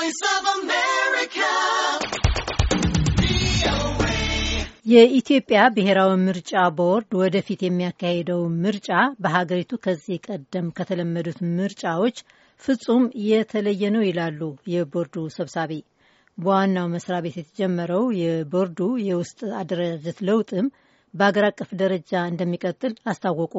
Voice የኢትዮጵያ ብሔራዊ ምርጫ ቦርድ ወደፊት የሚያካሄደው ምርጫ በሀገሪቱ ከዚህ ቀደም ከተለመዱት ምርጫዎች ፍጹም የተለየ ነው ይላሉ የቦርዱ ሰብሳቢ። በዋናው መስሪያ ቤት የተጀመረው የቦርዱ የውስጥ አደረጃጀት ለውጥም በአገር አቀፍ ደረጃ እንደሚቀጥል አስታወቁ።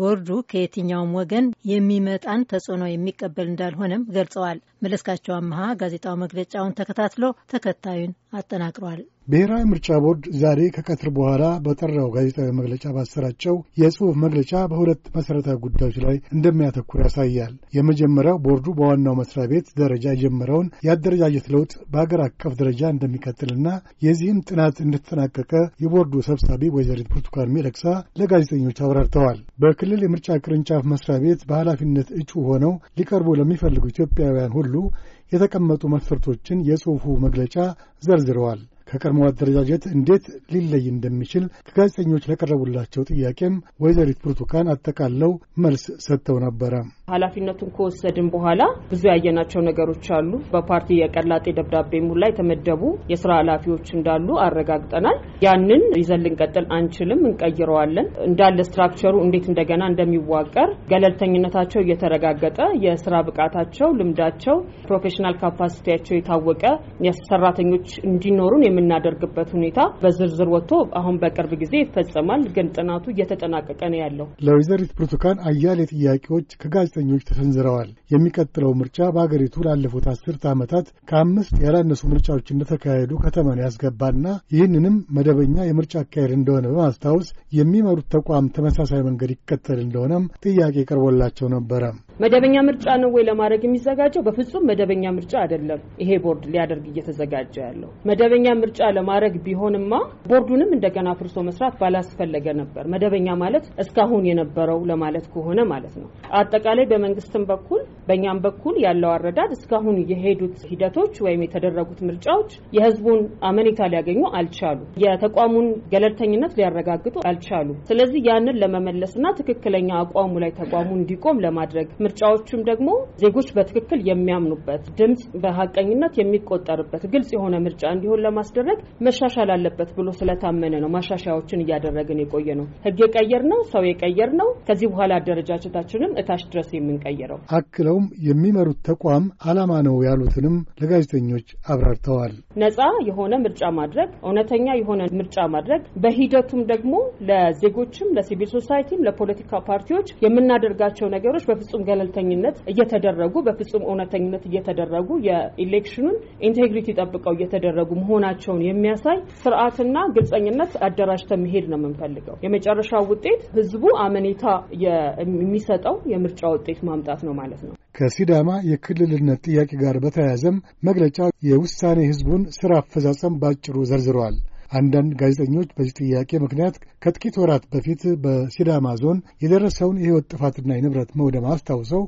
ቦርዱ ከየትኛውም ወገን የሚመጣን ተጽዕኖ የሚቀበል እንዳልሆነም ገልጸዋል። መለስካቸው አመሃ ጋዜጣው መግለጫውን ተከታትሎ ተከታዩን አጠናቅሯል። ብሔራዊ ምርጫ ቦርድ ዛሬ ከቀትር በኋላ በጠራው ጋዜጣዊ መግለጫ ባሰራጨው የጽሑፍ መግለጫ በሁለት መሠረታዊ ጉዳዮች ላይ እንደሚያተኩር ያሳያል። የመጀመሪያው ቦርዱ በዋናው መስሪያ ቤት ደረጃ የጀመረውን የአደረጃጀት ለውጥ በአገር አቀፍ ደረጃ እንደሚቀጥልና የዚህም ጥናት እንደተጠናቀቀ የቦርዱ ሰብሳቢ ወይዘሪት ብርቱካን ሚደቅሳ ለጋዜጠኞች አብራርተዋል። በክልል የምርጫ ቅርንጫፍ መስሪያ ቤት በኃላፊነት እጩ ሆነው ሊቀርቡ ለሚፈልጉ ኢትዮጵያውያን ሁሉ የተቀመጡ መስፈርቶችን የጽሑፉ መግለጫ ዘርዝረዋል። ከቀድሞ አደረጃጀት እንዴት ሊለይ እንደሚችል ከጋዜጠኞች ለቀረቡላቸው ጥያቄም ወይዘሪት ብርቱካን አጠቃለው መልስ ሰጥተው ነበረ። ኃላፊነቱን ከወሰድን በኋላ ብዙ ያየናቸው ነገሮች አሉ። በፓርቲ የቀላጤ ደብዳቤ ሙላ የተመደቡ የስራ ኃላፊዎች እንዳሉ አረጋግጠናል። ያንን ይዘን ልንቀጥል አንችልም፣ እንቀይረዋለን። እንዳለ ስትራክቸሩ እንዴት እንደገና እንደሚዋቀር ገለልተኝነታቸው እየተረጋገጠ የስራ ብቃታቸው፣ ልምዳቸው፣ ፕሮፌሽናል ካፓሲቲያቸው የታወቀ ሰራተኞች እንዲኖሩን የምናደርግበት ሁኔታ በዝርዝር ወጥቶ አሁን በቅርብ ጊዜ ይፈጸማል። ግን ጥናቱ እየተጠናቀቀ ነው ያለው። ለወይዘሪት ብርቱካን አያሌ ጥያቄዎች ከጋዜጠ ጋዜጠኞች ተሰንዝረዋል። የሚቀጥለው ምርጫ በአገሪቱ ላለፉት አስርት ዓመታት ከአምስት ያላነሱ ምርጫዎች እንደተካሄዱ ከተማን ያስገባና ይህንንም መደበኛ የምርጫ አካሄድ እንደሆነ በማስታወስ የሚመሩት ተቋም ተመሳሳይ መንገድ ይከተል እንደሆነም ጥያቄ ቀርቦላቸው ነበረ። መደበኛ ምርጫ ነው ወይ ለማድረግ የሚዘጋጀው? በፍጹም መደበኛ ምርጫ አይደለም። ይሄ ቦርድ ሊያደርግ እየተዘጋጀ ያለው መደበኛ ምርጫ ለማድረግ ቢሆንማ ቦርዱንም እንደገና ፍርሶ መስራት ባላስፈለገ ነበር። መደበኛ ማለት እስካሁን የነበረው ለማለት ከሆነ ማለት ነው። አጠቃላይ በመንግስትም በኩል በእኛም በኩል ያለው አረዳድ እስካሁን የሄዱት ሂደቶች ወይም የተደረጉት ምርጫዎች የህዝቡን አመኔታ ሊያገኙ አልቻሉ፣ የተቋሙን ገለልተኝነት ሊያረጋግጡ አልቻሉ። ስለዚህ ያንን ለመመለስና ትክክለኛ አቋሙ ላይ ተቋሙ እንዲቆም ለማድረግ ምርጫዎቹም ደግሞ ዜጎች በትክክል የሚያምኑበት ድምፅ በሀቀኝነት የሚቆጠርበት ግልጽ የሆነ ምርጫ እንዲሆን ለማስደረግ መሻሻል አለበት ብሎ ስለታመነ ነው ማሻሻያዎችን እያደረግን የቆየ ነው። ህግ የቀየር ነው፣ ሰው የቀየር ነው። ከዚህ በኋላ አደረጃጀታችንም እታች ድረስ የምንቀይረው። አክለውም የሚመሩት ተቋም አላማ ነው ያሉትንም ለጋዜጠኞች አብራርተዋል። ነጻ የሆነ ምርጫ ማድረግ፣ እውነተኛ የሆነ ምርጫ ማድረግ በሂደቱም ደግሞ ለዜጎችም፣ ለሲቪል ሶሳይቲም፣ ለፖለቲካ ፓርቲዎች የምናደርጋቸው ነገሮች በፍጹም ገ በገለልተኝነት እየተደረጉ በፍጹም እውነተኝነት እየተደረጉ የኢሌክሽኑን ኢንቴግሪቲ ጠብቀው እየተደረጉ መሆናቸውን የሚያሳይ ስርዓትና ግልጸኝነት አደራጅተ መሄድ ነው የምንፈልገው። የመጨረሻው ውጤት ህዝቡ አመኔታ የሚሰጠው የምርጫ ውጤት ማምጣት ነው ማለት ነው። ከሲዳማ የክልልነት ጥያቄ ጋር በተያያዘም መግለጫ የውሳኔ ህዝቡን ስራ አፈጻጸም ባጭሩ ዘርዝረዋል። አንዳንድ ጋዜጠኞች በዚህ ጥያቄ ምክንያት ከጥቂት ወራት በፊት በሲዳማ ዞን የደረሰውን የህይወት ጥፋትና የንብረት መውደም አስታውሰው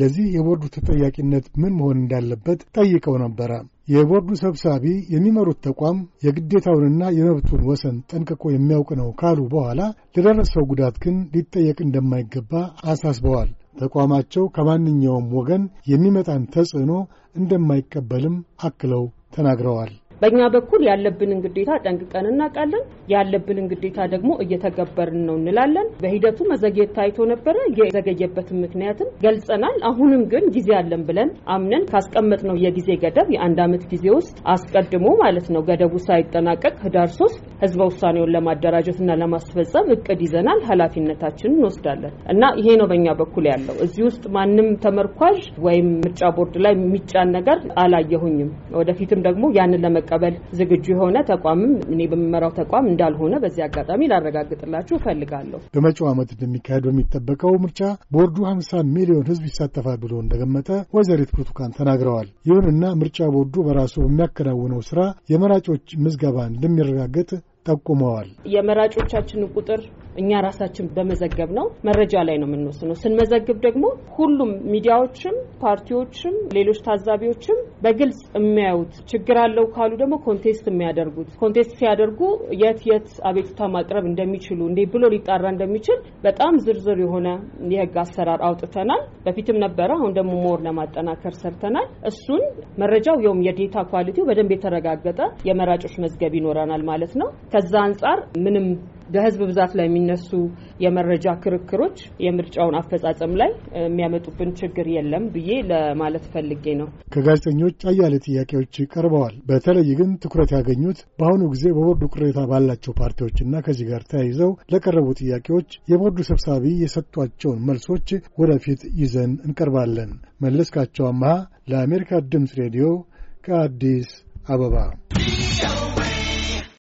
ለዚህ የቦርዱ ተጠያቂነት ምን መሆን እንዳለበት ጠይቀው ነበረ። የቦርዱ ሰብሳቢ የሚመሩት ተቋም የግዴታውንና የመብቱን ወሰን ጠንቅቆ የሚያውቅ ነው ካሉ በኋላ ለደረሰው ጉዳት ግን ሊጠየቅ እንደማይገባ አሳስበዋል። ተቋማቸው ከማንኛውም ወገን የሚመጣን ተጽዕኖ እንደማይቀበልም አክለው ተናግረዋል። በእኛ በኩል ያለብንን ግዴታ ጠንቅቀን እናውቃለን። ያለብንን ግዴታ ደግሞ እየተገበርን ነው እንላለን። በሂደቱ መዘግየት ታይቶ ነበረ። የዘገየበትን ምክንያትም ገልጸናል። አሁንም ግን ጊዜ አለን ብለን አምነን ካስቀመጥነው የጊዜ ገደብ የአንድ ዓመት ጊዜ ውስጥ አስቀድሞ ማለት ነው ገደቡ ሳይጠናቀቅ ህዳር ሶስት ህዝበ ውሳኔውን ለማደራጀትና ለማስፈጸም እቅድ ይዘናል። ኃላፊነታችንን እንወስዳለን እና ይሄ ነው በእኛ በኩል ያለው። እዚህ ውስጥ ማንም ተመርኳዥ ወይም ምርጫ ቦርድ ላይ የሚጫን ነገር አላየሁኝም። ወደፊትም ደግሞ ያንን ለመ ለመቀበል ዝግጁ የሆነ ተቋምም እኔ በምመራው ተቋም እንዳልሆነ በዚህ አጋጣሚ ላረጋግጥላችሁ እፈልጋለሁ። በመጪው ዓመት እንደሚካሄድ በሚጠበቀው ምርጫ ቦርዱ 50 ሚሊዮን ህዝብ ይሳተፋል ብሎ እንደገመተ ወይዘሪት ብርቱካን ተናግረዋል። ይሁንና ምርጫ ቦርዱ በራሱ በሚያከናውነው ስራ የመራጮች ምዝገባ እንደሚረጋገጥ ጠቁመዋል። የመራጮቻችንን ቁጥር እኛ ራሳችን በመዘገብ ነው መረጃ ላይ ነው የምንወስነው። ስንመዘግብ ደግሞ ሁሉም ሚዲያዎችም፣ ፓርቲዎችም፣ ሌሎች ታዛቢዎችም በግልጽ የሚያዩት ችግር አለው ካሉ ደግሞ ኮንቴስት የሚያደርጉት ኮንቴስት ሲያደርጉ የት የት አቤቱታ ማቅረብ እንደሚችሉ እንዴ ብሎ ሊጣራ እንደሚችል በጣም ዝርዝር የሆነ የህግ አሰራር አውጥተናል። በፊትም ነበረ፣ አሁን ደግሞ ሞር ለማጠናከር ሰርተናል። እሱን መረጃው የውም የዴታ ኳሊቲው በደንብ የተረጋገጠ የመራጮች መዝገብ ይኖረናል ማለት ነው። ከዛ አንጻር ምንም በህዝብ ብዛት ላይ የሚነሱ የመረጃ ክርክሮች የምርጫውን አፈጻጸም ላይ የሚያመጡብን ችግር የለም ብዬ ለማለት ፈልጌ ነው። ከጋዜጠኞች አያሌ ጥያቄዎች ቀርበዋል። በተለይ ግን ትኩረት ያገኙት በአሁኑ ጊዜ በቦርዱ ቅሬታ ባላቸው ፓርቲዎችና ከዚህ ጋር ተያይዘው ለቀረቡ ጥያቄዎች የቦርዱ ሰብሳቢ የሰጧቸውን መልሶች ወደፊት ይዘን እንቀርባለን። መለስካቸው አምሃ ለአሜሪካ ድምፅ ሬዲዮ ከአዲስ አበባ